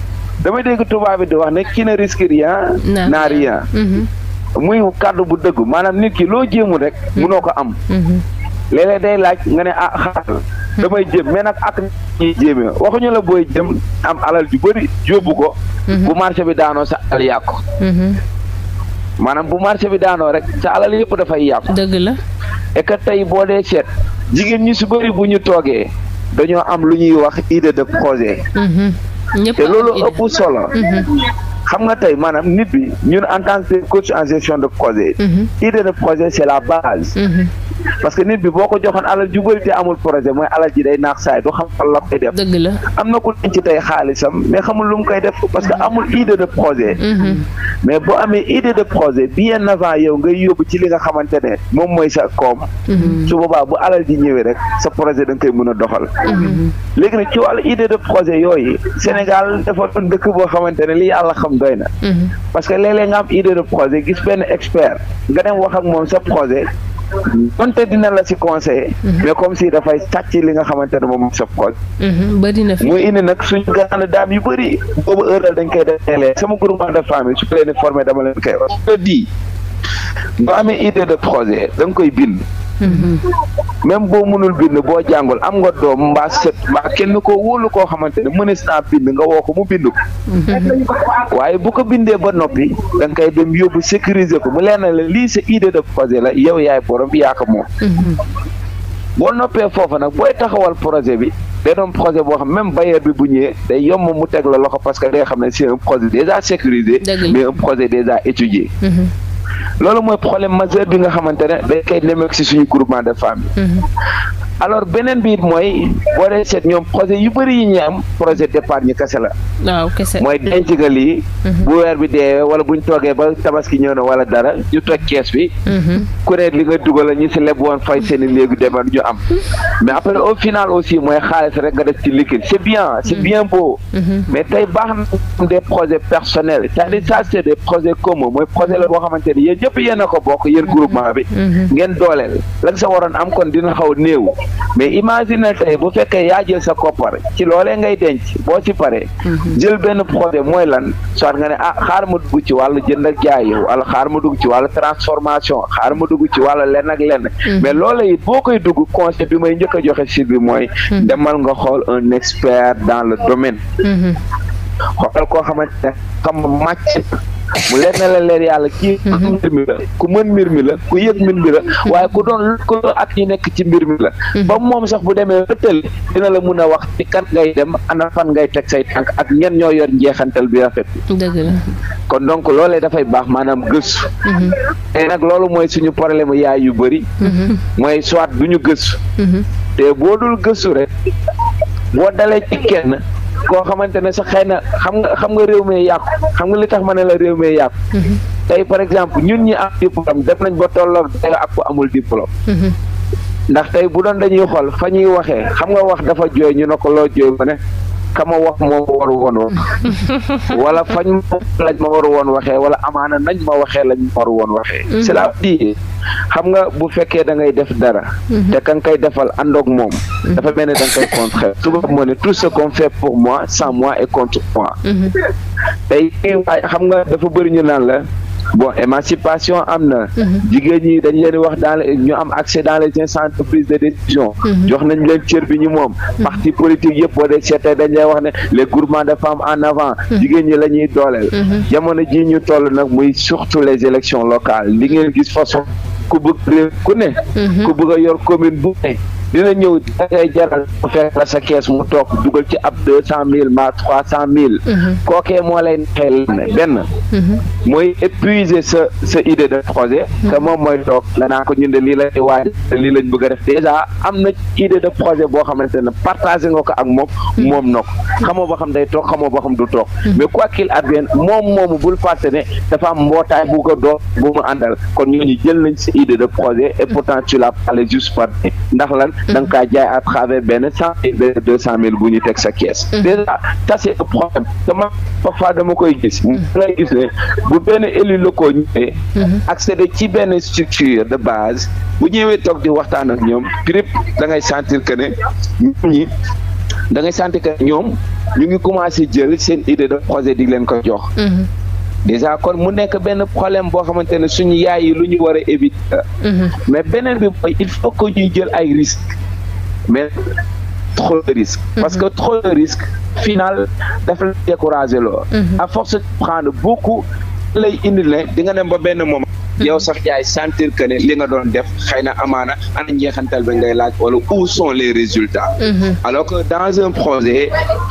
damay dégg tubaab di wax ne ki ne risque rien n'a rien. muy kàddu bu dëgg maanaam nit ki loo jéemu rek. munoo ko am. léeg day laaj nga ne ah xaaral damay jéem mais nag ak ñuy jéemee waxuñu la booy jëm am alal ju bëri jóbbu ko. bu marché bi daanoo sa alal maanaam bu marché bi daanoo rek sa alal yëpp dafay yàqu. dëgg la. et tey boo dee seet jigéen ñi su bëri bu ñu toogee dañoo am lu ñuy wax idée de projet. Mhm. te loolu ëpp solo. Mhm. xam nga tey maanaam nit bi ñun en tant que coach en gestion de projet. Mhm. idée de projet c'est la base. parce que nit bi boo ko joxoon alal ju amul projet mooy alal ji day naax saay du xam fan la koy def. dëgg la am na ku denc tey xaalisam mais xamul lu mu koy def parce que mm-hmm. amul idée de projet. Mm-hmm. mais boo amee idée de projet bien avant yow ngay yóbbu ci li nga xamante ne moom mooy sa koom. Mm-hmm. su boobaa bu alal ji ñëwee rek sa projet da nga koy mën a doxal. léegi nag ci wàllu idée de projet yooyu Sénégal dafa doon dëkk boo xamante ne li yàlla xam doy na. parce que léeg-léeg nga am donte dina la si conseiller. Mhm. mais comme si dafay sàcc li nga xamante ne moom sa poche. Mhm, bëri na fi muy indi nag suñu grande dame yu bëri. boobu heure dañ koy def sama groupement de famille su ko leen dama leen koy wax. nga amee idée de projet da koy bind. même boo mënul bind boo jàngul am nga doom mbaa set mbaa kenn ko wóolu koo xamante ne mënees naa bind nga woo ko mu bind ko waaye bu ko bindee ba noppi da koy dem yóbbu sécuriser ko mu leen na la lii sa idée de projet la yow yaay borom yaa ko moom boo noppee foofu nag booy taxawal projet bi day doon projet boo xam même bailleur bi bu ñëwee day yomb mu teg la loxo parce que day xam ne c'est un projet déjà sécurisé mais un projet déjà étudié loolu mooy problème majeur bi nga xamante ne dañ koy nemeek si suñu groupement de femmes alors beneen bi mooy boo dee seet ñoom projet yu bëri yi ñu am projet d'épargne kese la. kese mooy denc ga lii. Mhm. bu weer bi dee wala bu ñu toogee ba tabaski ñëw na wala dara ñu toj kees bi. Mhm. ku ne li nga dugal la ñu si leb woon fay seen léegi demal ñu am. mais après au final aussi mooy xaalis rek nga def ci liquide c'est bien c'est mhm. bien beau. mais tey baax na des projets personnels c'est-à-dire sa c'est des projets mooy projet la boo xamante ni yéen ñëpp yéen a ko bokk yéen groupement bi. ngeen dooleel la nga waroon am kon dina xaw néew. mais imagine tey bu fekkee yaa jël sa koppar ci loolee ngay denc boo ci paree. Mhm. jël benn projet mooy lan soit nga ne ah xaar ma dugg ci wàllu jënd ak jaay yow xaar ma dugg ci wàllu transformation xaar ma dugg ci wàllu lenn ak lenn. Mhm. mais loolee it boo koy dugg conseil bi may njëkk a joxe site bi mooy. Mhm. demal nga xool un expert dans le domaine. xoolal koo xamante ne xam màcc. mu leer na leen leer yàlla kii <laughs> mhm. mi la ku mën mbir mi la ku yëg mbir mi la mhm. waaye ku doon ko ak ñi nekk ci mbir mi la mhm. ba moom sax bu demee rëttal dina la mun a wax ci kan ngay dem ana fan ngay teg say tànk ak ñen ñoo yor njeexantal bi rafet dëgg kon donc loolee dafay baax maanaam gëstu te nag loolu mooy suñu problème yaay yu bëri mooy soit du ñu gëstu te boo dul gëstu rek boo dalee ci kenn koo xamante ne sax xëy na xam nga xam nga réew mi yàqu xam nga li tax ma ne la réew mi yàqu. Mhm. tey par exemple ñun ñi am diplôme def nañ ba tolloog dayoo ak ku amul diplôme. Mhm. ndax tey bu doon dañuy xool fa ñuy waxee xam nga wax dafa jooy ñu ne ko loo jooy ma ne a wax moo waru woon wax <laughs> wala fañ ma lañ ma waru woon waxee wala amaana nañ ma waxee lañ ma waru woon waxee mhm. cela veut dire xam nga bu fekkee da ngay def dara mhm. te ka nga koy defal àndoog moom mhm. dafa mel ne da nga koy contre <laughs> tubaab moo ne tout ce qu'on fait pour moi sans moi et contre moi tey xam nga dafa bëri naan la bon émancipation am na. Mhm. jigéen ñi dañ leen wax dans ñu am accès dans les instances de prise de décision. Mhm. jox nañ leen cër bi ñu moom. Mhm. parti politique yëpp boo dee dañ lay wax ne les groupements de femmes en avant. jigéen ñi la ñuy dooleel. jamono ji ñu toll nag muy surtout les élections locales li ngeen gis façon ku bëgg ku ne. ku bëgg a yor commune bu ne. dina ñëw da ngay jaral mu fekk la sa kees mu toog dugal ci ab cent mille ma trois cent mille mhm. kookee moo lay naxee lenn benn mhm. mooy épuiser sa sa idée de projet mhm. te moom mooy toog la naa ko ñunde lii lay waaj lii lañ bëgg a def déjà am na idée de projet boo xamante ne partagé nga ko ak moom moom na ko xamoo boo xam day toog xamoo boo xam du toog mais quoi qu'il advienne moom moomu bul fàtte ne dafa mbootaay bu ko doon bu mu àndal kon ñooñu jël nañ sa idée de projet et pourtant tu l'as parlé juste par ndax lan da nga kaa jaay à travers benn cent mille benn deux bu ñu teg sa caisse. Mm. déjà ça c'est le problème dama parfois dama koy gis. Mm. da ngay bu benn élu locaux ñëwee. Mm-hmm. accéder ci benn structure de base bu ñëwee toog di waxtaan ak ñoom prip da ngay sentir que ne ñi da ngay sentir que ñoom ñu ngi commencer jël seen idée de projet di leen ko jox. Mm-hmm. déjà kon mu nekk benn problème boo xamante ne suñu yaay yi lu ñu war a éviter mhm. mais beneen bi mooy il faut que ñuy jël ay risques mais trop de risques mhm. parce que trop de risques final dafa la décourager lool mhm. à force de prendre beaucoup lay indi ne di nga dem ba benn moment yow sax yaay sentir que ne li nga doon def xëy na amaana ana njeexantal ba ngay laaj wala où son les résultats. Mhm. alors que dans un projet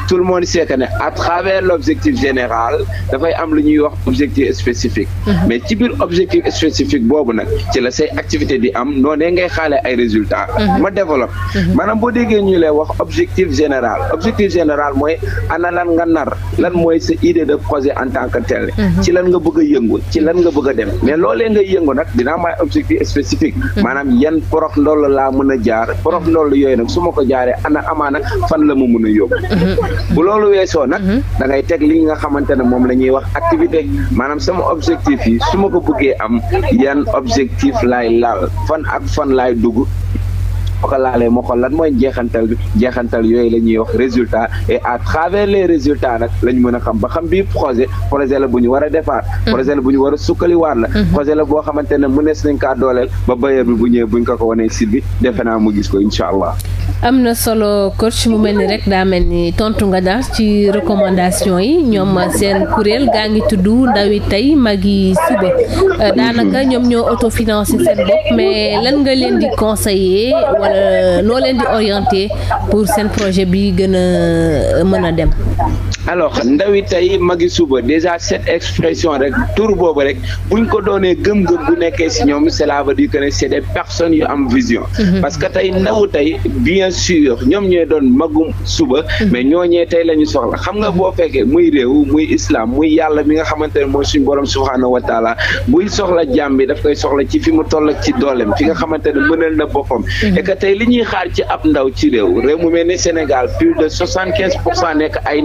tout le monde sait que ne à travers l' objectif général dafay am lu ñuy wax objectif spécifique. Mhm. mais ci biir objectif spécifique boobu nag ci la say activité di am noonee ngay xaale ay résultats. Mhm. ma développe. maanaam boo déggee ñu lay wax objectif général objectif général mooy ana lan nga nar lan mooy sa idée de projet en tant que tel. ci lan nga bëgg yëngu ci lan nga bëgg dem mais loolee ngay yëngu nag dina am ay objectif spécifique hmm. maanaam yan porof ndoll laa mën a jaar porof ndoll yooyu nag su ma ko jaaree ana amaana fan la mu mën a yóbbu hmm. bu loolu weesoo nag hmm. dangay teg li nga xamante ne moom la ñuy wax activité maanaam sama objectif yi su ma ko bëggee am yan objectif laay laal fan ak fan laay dugg boo ko moo xool lan mooy njeexantal bi njeexantal yooyu la ñuy wax résultat et à travers les résultats nag la mën a xam ba xam bii projet projet la bu ñu war a defaat mm-hmm. projet la bu ñu war a sukkaliwaat la mm-hmm. projet la boo xamante ne mënees nañ kaa dooleel ba bailleur bi bu ñëwee buñ ko ko wanee site bi defe naa mu gis ko incha allah am na solo coach mu mel ni rek daa mel ni tontu nga daal ci recommandation yi ñoom seen kuréel gaa ngi tudd ndawi tey mag yi suba daanaka ñoom ñoo autofinancé seen bopp mais lan nga leen di conseiller Euh, noo leen di orienté pour seen projet bi gën a euh, mën a dem. alors ndawi tey magi suba déjà cette expression rek tour boobu rek buñ ko doonee gëm-gëm bu nekkee si ñoom cela veut dire que ne c'est des personnes yu am vision mhm. parce que tey ndaw tey bien sûr ñoom ñooy doon magum suba mhm. mais ñooñee tey la ñu soxla xam nga boo fekkee muy réew muy islam muy yàlla bi nga xamante ne mooy suñu borom subhaanahu wa taala buy soxla jàmm bi daf koy soxla ci fi mu toll ci dooleem fi nga xamante ne mënal na boppam mhm. et que tey li ñuy xaar ci ab ndaw ci réew réew mu mel ni Sénégal plus de soixante quinze pour cent nekk ay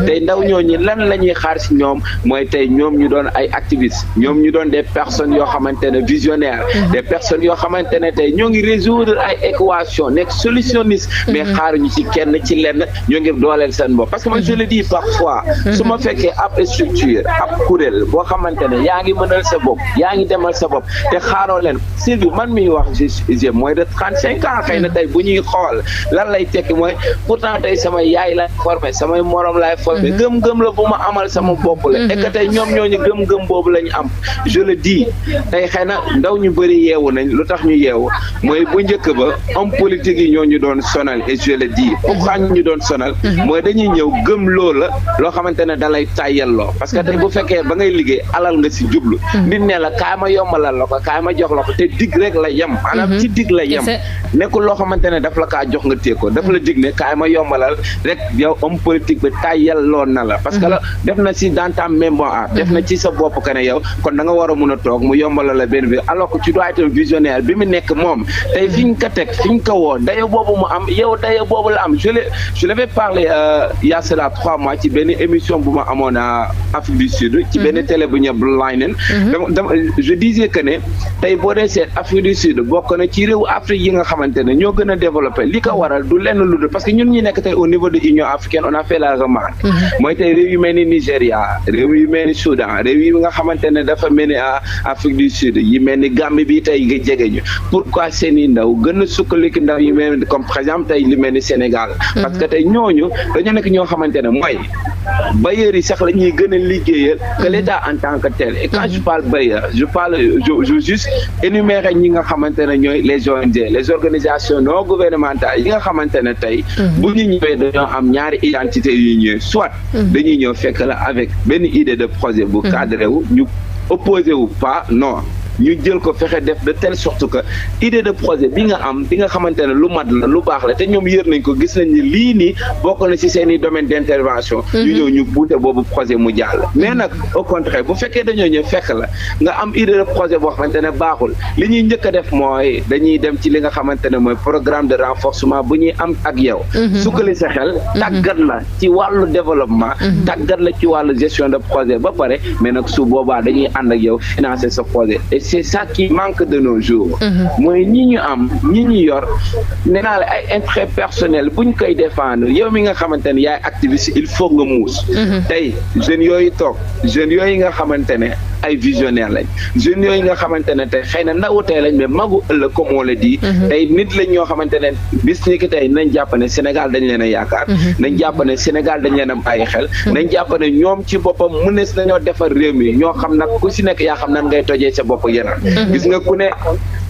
Mhm. tey ndaw ñooñu lan la ñuy xaar si ñoom mooy tey ñoom ñu doon ay activistes ñoom ñu doon des personnes yoo xamante ne visionnaires mhm. des personnes yoo xamante ne tey ñoo ngi résoudre ay équation nekk solutionniste mhm. mais xaaruñu ci kenn ci lenn ñoo ngi dooleel seen bopp parce que man je le dis parfois su ma fekkee ab structure ab kuréel boo xamante ne yaa ngi mënal sa bopp yaa ngi demal sa bopp te xaaroo leen Sylvie man miy wax je mooy de trente cinq ans xëy na tey bu ñuy xool lan lay tekki mooy pourtant tey samay yaay lay formé samay morom foi bi mhm. gëm-gëm la bu ma amal sama bopp la et que tey ñoom ñooñu gëm-gëm boobu la ñu am je le dis tey xëy na ndaw ñu bëri yeewu nañ lu tax ñu yeewu mooy bu njëkk ba homme politique yi ñoo ñu doon sonal et je le dis pourquoi mhm. ñu doon sonal mhm. mooy dañuy ñëw gëm loo la loo xamante ne da lay tàyyal loo parce que tey bu fekkee ba ngay liggéey alal nga si jublu nit ne la kaay ma yombalal la ko kaay ma jox la ko te dig rek la yem maanaam ci dig la yem nekkul loo xamante ne daf la jox nga téye ko daf la dig ne ma yombalal yelloon na la parce que la mhm. def na si dans ta mémoire mhm. def na ci sa bopp que ne kon da nga a mun a toog mu yombala la benn bi alors que tu dois visionnaire bi mu nekk moom tey fi ñu ko teg fi ñu ko woo dayo boobu mu am yow dayo boobu la am je l'ai je l'avais parlé euh, il trois mois ci benn émission bu ma amoon Afrique du Sud ci benn mhm. télé bu ñëpp Linen je disais que ne tey boo dee seet Afrique du Sud bokk na ci réew Afrique yi nga xamante ne ñoo gën a développé Mm-hmm. mooy tey réew yu mel ni Nigéria réew yu mel ni Soudan réew yi nga xamante ne dafa mel ni Afrique du Sud yi mel ni Gambie bi tey nga jege ñu pourquoi seen i ndaw gën a sukkandiku ndaw yu mel ni comme par exemple tey li mel ni Sénégal. Mm-hmm. parce que tey ñooñu dañoo nekk ñoo xamante ne mooy bailleurs yi sax la ñuy gën a liggéeyal que mm-hmm. en tant que tel et quand je parle bailleurs je parle je juste énumérer ñi nga xamante ne ñooy les ONG les organisations non gouvernementales yi nga xamante ne tey. bu ñu ñaari identité soit mm. dañuy ñëw fekk la avec benn idée de projet bu mm. cadré wu ñu opposé wu pas non ñu jël ko fexe def de telle sorte que idée de projet bi nga am bi nga xamante ne lu mat la lu baax la te ñoom yër nañ ko gis nañ lii nii bokk na ci seen i domaine d' intervention. Mhm. ñu ñëw ñu buute boobu projet mu jàll. Mhm. mais nag au contraire bu fekkee dañoo ñëw fekk la nga am idée de projet boo xamante ne baaxul li ñuy jëkk a def mooy dañuy dem ci li nga xamante ne mooy programme de renforcement bu ñuy am ak yow. Mhm. sukkali sa xel. tàggat la ci wàllu développement. tàggat la ci wàllu gestion de projet ba pare mais nag su boobaa dañuy ànd ak yow financer sa projet. c'est ça qui manque de nos jours. Mhm. mooy ñi ñu am ñi ñu yor nee naa ay intérêt personnel bu ñu koy défendre yow mi nga xamante ne yaay activiste il faut nga muus. Mhm. tey jeunes yooyu toog jeunes yooyu nga xamante ay visionnaire lañ jeunes yooyu nga xamante ne tey xëy na ndawutee lañ mais magu ëllëg comme on le dit mhm. tey nit lañ ñoo xamante ne bis ñi ki tey nañ jàpp ne Sénégal dañ leen a yaakaar mhm. nañ jàpp ne Sénégal dañ leen am ay xel mhm. nañ jàpp ñoom ci boppam mënees nañoo defar réew mi ñoo xam nag ku si nekk yaa xam na ngay tojee sa bopp yeneen gis nga ku ne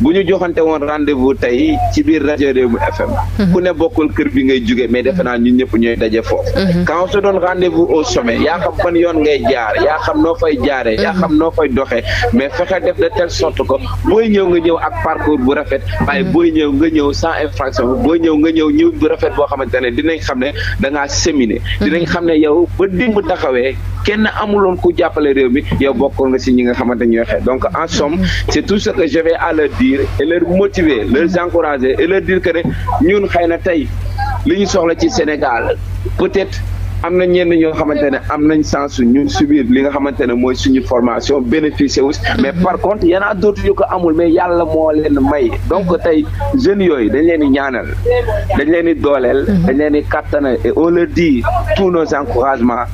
bu ñu joxante woon rendez-vous tey ci biir rajo Rewmi FM. Mhm. ku ne bokkul kër bi ngay jóge mais defe naa ñun ñëpp ñooy daje foofu. Mhm. quand on se donne rendez-vous au sommet yaa xam fan yoon ngay jaar yaa xam noo fay jaaree. yaa mhm. xam noo fay doxee mais fexe def de tel sorte que booy ñëw nga ñëw ak parcours bu rafet. waaye booy ñëw nga ñëw sans infraction booy ñëw nga ñëw ñëw bu rafet boo xamante ne dinañ xam ne da ngaa séminé. dinañ xam ne yow ba dimb taxawee kenn amuloon ku jàppale réew mi bokkoon nga si ñi nga xamante ñooy xeex donc accueillir et leur motiver leur encourager et leur dire que ne ñun xëy na tey li ñu soxla ci Sénégal peut-être am na ñenn ñoo xamante ne am nañ sens ñu subir li nga xamante ne mooy suñu formation bénéficier wu mais mhm. par contre y en a d'autres ko amul mais yàlla moo leen may donc mhm. tey jeunes yooyu dañ leen di ñaanal dañ leen di dooleel. Mhm. dañ leen di kattanal et on leur dit tous nos encouragements.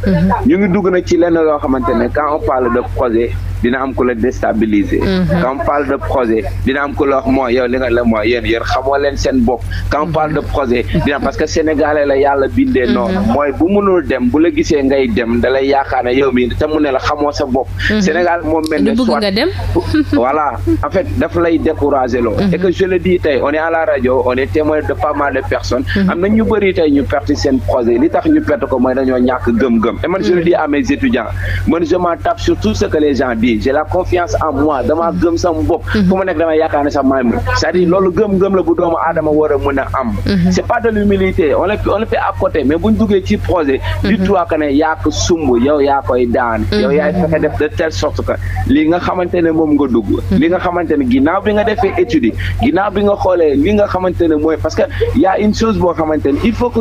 ñu ngi dugg na ci lenn loo xamante ne quand on parle de projet. dina am ku la déstabiliser. Mhm. quand on parle de projet dina am ku la wax mooy yow li nga la mooy yéen yéen xamoo leen seen bopp. quand mhm. parle de projet parce que sénégalais la yàlla bindee mhm. noonu. mooy bu mënul dem bu la gisee ngay dem dalay yaakaar ne yow mii te la xamoo sa bopp. Sénégal moom mel ne soit nga dem. <laughs> voilà en fait daf lay décourager loo. que je le dis tey on la rajo on témoin de pas mal de personnes. am na ñu bëri tey ñu perte seen projet li tax ñu perte lii la confiance en moi dama gëm sama bopp mhm. fu ma nekk dama yaakaar ne sax maay mu c'est-à-dire loolu gëm-gëm la bu doomu aadama war a mën a am mhm. c'est pas de l'humilité on le on à côté mais bu ñu ci projet mhm. dis-toi que ne sumb yow yaa daan yow yaay fexe def de telle sorte que li nga xamante moom nga dugg li nga xamante ne ginnaaw bi nga defee étude ginnaaw bi nga xoolee li nga xamante mooy parce que y a une chose boo xamante il faut que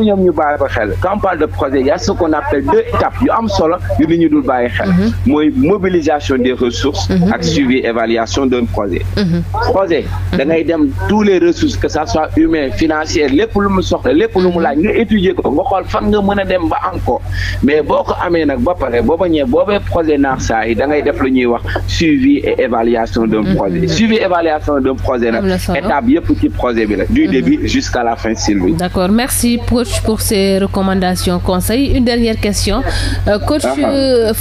a ressources. Mhm. ak suivi évaluation d'un projet. Mhm. projet da ngay dem tous les ressources que ça soit humain financier lépp lu mu soxla lépp lu mu mhm. laaj nga étudier ko nga xool fan nga mën a dem ba encore mais boo ko amee nag ba pare boo bañee projet naax saa yi da def lu ñuy wax suivi évaluation d'un projet suivi évaluation d'un projet nag yëpp ci projet bi la du début jusqu'à la fin Sylvie. D'accord merci coach pour ces recommandations conseils une dernière question euh, ah ah. Euh,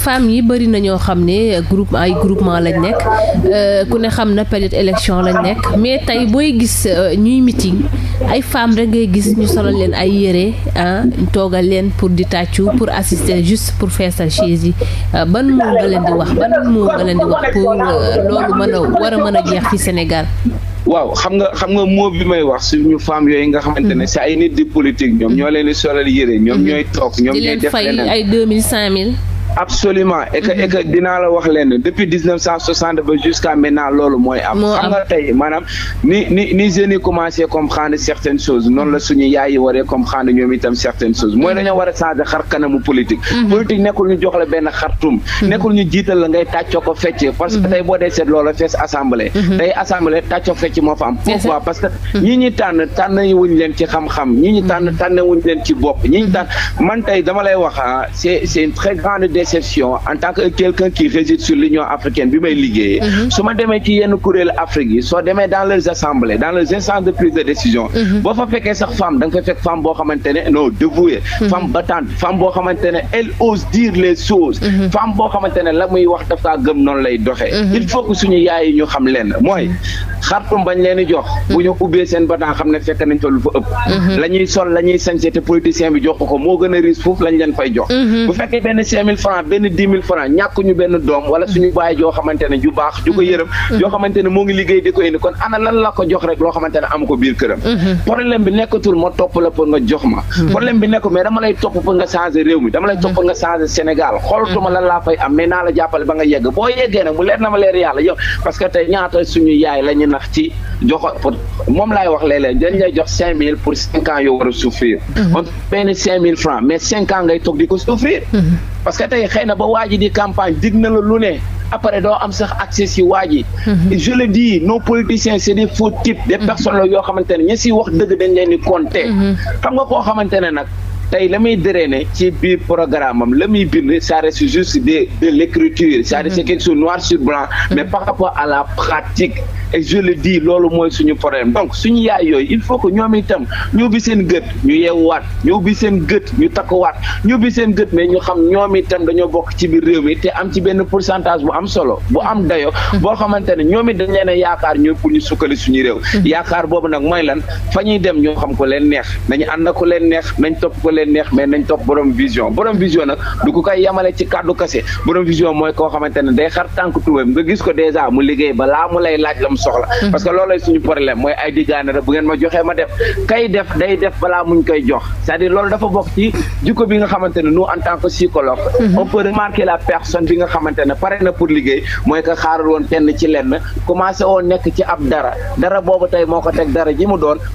ay groupement lañ nekk euh, ku ne xam na période élection lañ nekk mais tey booy gis euh, ñuy meeting ay femmes rek ngay gis ñu solal leen ay yére ah toogal leen pour di tàccu pour assister juste pour feesal chaise euh, ban moo nga leen di wax ban moo nga leen di wax pour loolu mën a war a mën a jeex fi Sénégal waaw xam nga xam nga moo bi may wax suñu femmes yooyu nga xamante ne mm-hmm. si ay nit di politique ñoom ñoo mm-hmm. leen di solal yére ñoom mm-hmm. ñooy toog ñoom ñooy def leneen ay deux mille cinq mille absolument et que et que dinaa la wax leen depuis dix neuf cent soixante ba jusqu'à maintenant loolu mooy am xam nga tey maanaam ni ni ni jeunes yi commencé certaines choses noonu la suñu yaay yi waree comprendre ñoom itam certaines choses mooy dañoo war a changer xar kanamu politique mm-hmm. politique nekkul ñu jox la benn xartum mm-hmm. nekkul ñu jiital la ngay tàccoo ko fecc parce que mm-hmm. tey boo dee seet loola fees assemblée tey assemblée tàccoo fecc moo fa am pourquoi parce que déception en tant que quelqu'un qui réside sur l'Union africaine bi may liggéeyee mhm. su ma demee ci yenn kuréelu Afrique yi soo demee dans leurs assemblées dans leurs instances de prise de décision mhm. boo fa fekkee sax femme da nga fa fekk femme boo xamante ne non mhm. femme battante femme boo xamante ne ose dire les choses femme boo xamante la muy wax daf kaa gëm noonu lay doxee il faut que suñu yaay ñu xam leen mooy xartum bañ leen jox bu ñu ubbee a franc benn dix mille franc ñàkkuñu benn doom wala suñu bàyyi joo xamante ne ju baax ju ko mhm. yërëm mhm. joo xamante ne moo ngi liggéey di ko indi kon ana lan la ko jox rek loo xamante ne am ko biir këram mhm. problème bi nekkatul ma topp la pour nga jox ma bi nekko mais dama lay topp pour nga changer réew mi dama lay topp nga changer Sénégal xoolatuma lan laa fay am ba nga yegg boo yeggee nag mu leer na ma leer yàlla yow parce que tey ñaata suñu yaay la ñu nax ci jox pour moom laay wax léeg-léeg dañ lay jox cinq mille pour cinq ans yow war a souffrir on benn cinq mille francs mais cinq ans ngay toog di ko parce que tey xëy na ba waa ji di campagne dig na la lu ne après doo am sax accès si waa ji mhm. je le dis nos politiciens c' est des faux types des mhm. personnes la yoo xamante ne ñi si wax dëgg dañ leen di compter mhm. xam nga koo xamante ne nag tey la muy ne ci biir programme am la muy bind ça reste juste de de l'écriture ça reste mhm. quelque chose noir sur blanc mhm. mais par rapport à la pratique et je le dis loolu mooy suñu problème donc suñu yaay yooyu il faut que ñoom itam ñoo ubbi seen gët ñu yeewuwaat ñu ubbi seen gët ñu takkuwaat ñu ubbi seen gët mais ñu xam ñoom itam dañoo bokk ci biir réew mi te am ci benn pour pourcentage bu am solo bu am dayo mhm. boo xamante ne ñoom it dañ leen a yaakaar ñooy pour ñu sukkali suñu nag mooy lan fa ñuy dem ñoo xam ko leen neex leen neex mais nañ topp borom vision borom vision nag du koy yemale ci kàddu kase borom vision mooy koo xamante day xar tànk tubaab nga gis ko dèjà mu liggéey balaa mu lay laaj la mu soxla. Mm-hmm. parce que loolu suñu problème mooy ay diggaane rek bu ngeen ma joxee ma def kay def day def balaa muñ koy jox c'est-à-dire dafa bokk ci jikko bi nga xamante ne nous en tant psychologue. Mm-hmm.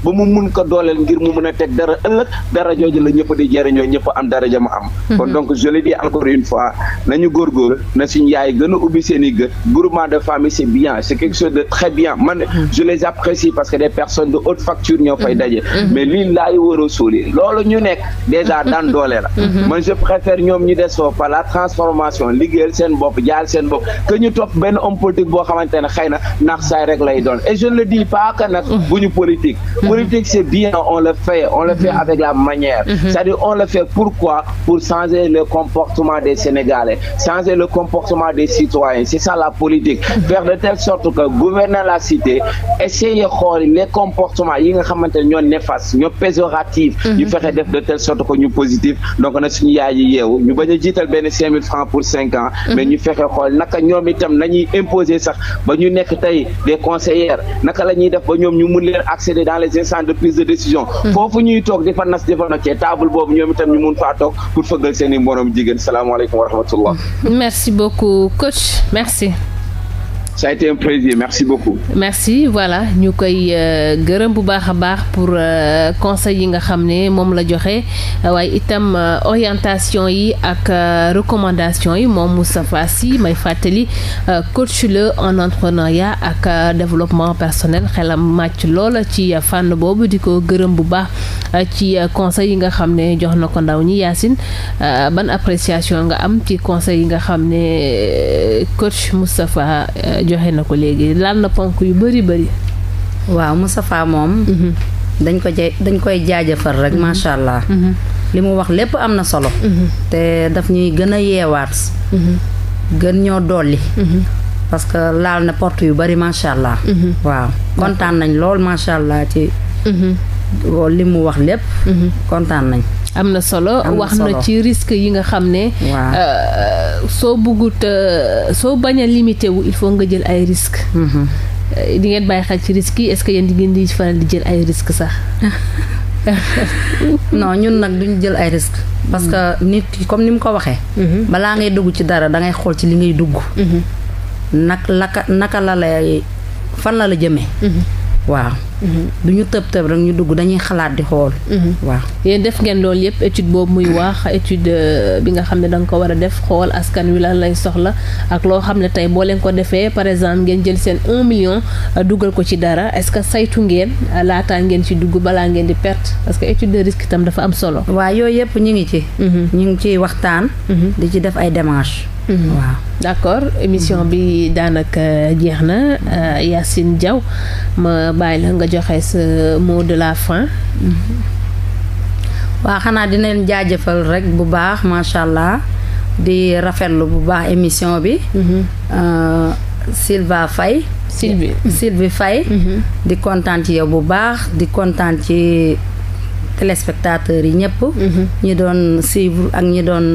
ba mu mun ko dooleel ngir mu mën a teg dara ëllëg dara jooju la ñëpp ñëpp di jëriñoo ñëpp am daraja mu am. Mhm. kon donc je le dis encore fois nañu góorgóorlu na suñu yaay gën a ubbi seen i groupement de famille c' bien c' est quelque de très bien man mhm. je les apprécie parce que des personnes de haute facture ñoo fay mhm. daje. mais lii laay war a suuli loolu ñu nekk déjà <laughs> daan doole la. man je préfère ñoom ñu des foofu par la transformation liggéeyal seen bopp jaal seen bopp que ñu topp benn homme politique boo xamante na naax C'est-à-dire, on le fait pourquoi Pour changer le comportement des Sénégalais, changer le comportement des citoyens. C'est ça la politique. Faire de telle sorte que gouverner la cité, essayer de les comportements, ils sont néfastes, ils sont péjoratifs, ils mhm. font de telle sorte que nous positifs. Donc, on a signé à Yéou. Nous avons dit 5 000 francs pour 5 ans, mhm. mais nous faisons que nous avons imposé ça. Nous sommes des conseillères, nous avons accéder dans les instances de prise de décision. Il faut que nous nous disions, nous avons boobu ñoom itam ñu mun faa toog pour fëggal seen i moroom jigéen salaamaaleykum wa rahmatullah merci beaucoup coach merci ça merci voilà ñu koy euh, gërëm bu baax a baax pour euh, conseil yi nga xam ne moom la joxe waaye itam euh, orientation yi ak recommandation yi moom Moustapha si may fàttali coach la en entrepreneuriat ak développement personnel xelam màcc lool ci fànn boobu di ko gërëm bu baax ci conseil yi nga xam ne jox na ko ndaw ñi Yacine ban appréciation nga am ci conseil yi nga xam ne coach Moustapha. joxe na ko léegi laal na ponk yu bëri bëri. waaw Moustapha moom. Mhm. dañ ko ja dañ koy jaajëfal rek mhm. macha allah. Mhm. li mu wax lépp am na solo. te daf ñuy gën a yeewaat. gën ñoo dolli. parce que laal na porte yu bari macha allah. waaw kontaan nañ lool macha allah ci. li mu wax lépp. kontaan nañ. am na solo wax na ci risque yi nga xam ne euh, soo buggut euh, soo bañ a limité wu il faut nga jël ay risque mhm. euh, di ngeen bàyyi xel ci risque yi est-ce que yéen di ngeen di faral di jël ay risque sax <laughs> non ñun nag duñ jël ay risque parce que mhm. nit ki comme ni mu ko waxee mhm. balaa ngay dugg ci dara da ngay xool ci li ngay dugg nag laka naka la lay fan la la jëmee waaw du ñu tëb tëb rek ñu dugg dañuy xalaat di xool. Mm-hmm. waaw def ngeen loolu yëpp étude boobu muy wax étude euh, bi nga xam ne da nga ko war a def xool askan wi lan lay soxla ak loo xam ne tey boo leen ko defee par exemple ngeen jël seen un million euh, dugal ko ci dara est-ce que saytu ngeen euh, laataan ci dugg balaa ngeen di perte parce que étude de risque itam dafa am solo. waaw yooyu yëpp ñu ngi ci. Mm-hmm. ñu ngi ciy waxtaan. Mm-hmm. di ci def ay démarches. waaw d'accord émission bi daanaka jeex na Yacine Diaw ma bàyyi la joxe sa mot de la fin. Mm-hmm. waa xanaa dina leen jaajëfal rek bu baax macha allah di rafetlu bu baax émission bi. Mm-hmm. Euh, Sylva fay Sylvie Sylvie Faye. Mm-hmm. di kontaan ci yow bu baax di kontaan ci téléspectateurs yi ñëpp. ñi doon suivre ak ñi doon.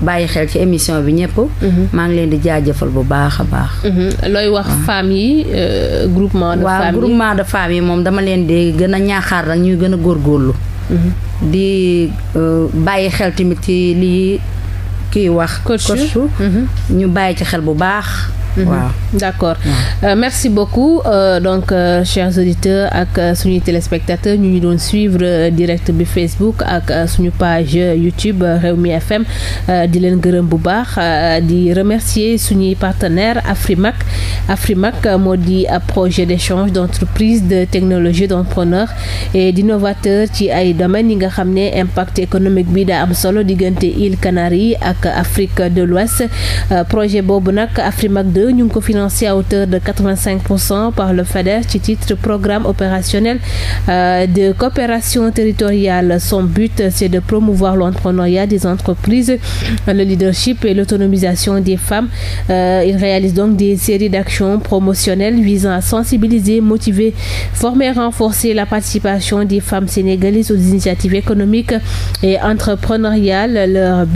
bàyyi xel ci émission bi ñëpp. Mhm. maa ngi leen di jaajëfal bu baax a baax. Mhm. looy wax ah. femmes yi euh, groupement de femmes yi groupement de femmes yi moom dama leen di gën a ñaaxaar rek ñuy gën a góorgóorlu. Mhm. di euh, bàyyi xel tamit ci lii kiy wax. coach ñu bàyyi ci xel bu baax. Mhm. waaw d'accord euh, merci beaucoup euh, donc euh, chers auditeurs ak euh, suñuy téléspectateurs ñu ñu doon suivre euh, direct bi Facebook ak euh, suñu page YouTube Rewmi FM di leen gërëm bu baax di remercier suñuy partenaire Afrimac Afrimac moo di projet d'échange d'entreprise de technologie d'entrepreneur et d'innovateur ci ay domaines yi nga xam ne impact économique bi daa am solo diggante îles Canaries ak Afrique de l'Ouest projet boobu nag Afrimac 2022 ñu ngi ko financé à hauteur de 85 pour cent par le FADER ci titre programme opérationnel euh, de coopération territoriale son but c'est de promouvoir l'entrepreneuriat des entreprises le leadership et l'autonomisation des femmes euh, il réalise donc des séries d'actions promotionnelles visant à sensibiliser motiver former et renforcer la participation des femmes sénégalaises aux initiatives économiques et entrepreneuriales leur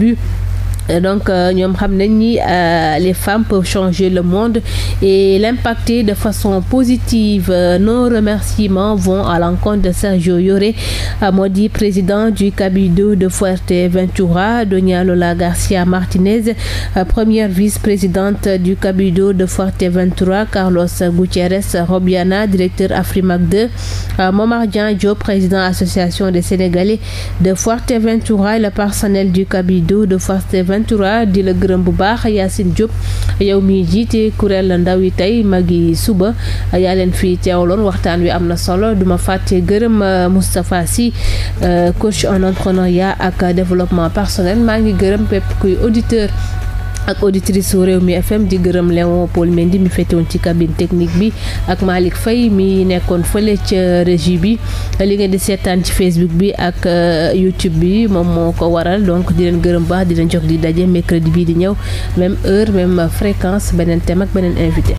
Euh, donc euh, ñoom xam nañ ni euh, les femmes peuvent changer le monde et l'impacter de façon positive nos remerciements vont à l'encontre de Sergio Yoré moo di président du Cabildo de Fuerteventura Doña Lola Garcia Martinez première vice-présidente du Cabildo de Fuerteventura Carlos Gutiérrez Robiana directeur Afrimac 2 Momar Dian Diop président association des Sénégalais de Fuerteventura et le personnel du Cabildo de 2023 di la gërëm bu baax yaa Yacine Diop yow mi jiite kuréel ndaw yi tey mag yi suba yaa leen fi teewloon waxtaan wi am na solo duma fàtte gërëm euh, Moustapha Sy euh, coach en entrepreneuriat ak développement personnel maa ngi gërëm pépp kuy auditeur ak auditrice su réew mi FM di gërëm Léon Paul Mendy mi féetewoon ci cabine technique bi ak Malick Faye mi nekkoon fële ca régie bi li ngeen di seetaan ci Facebook bi ak euh, YouTube bi moom moo ko waral donc di leen gërëm baax di leen jox di daje mercredi bii di ñëw même heure même fréquence beneen thème ak beneen invité.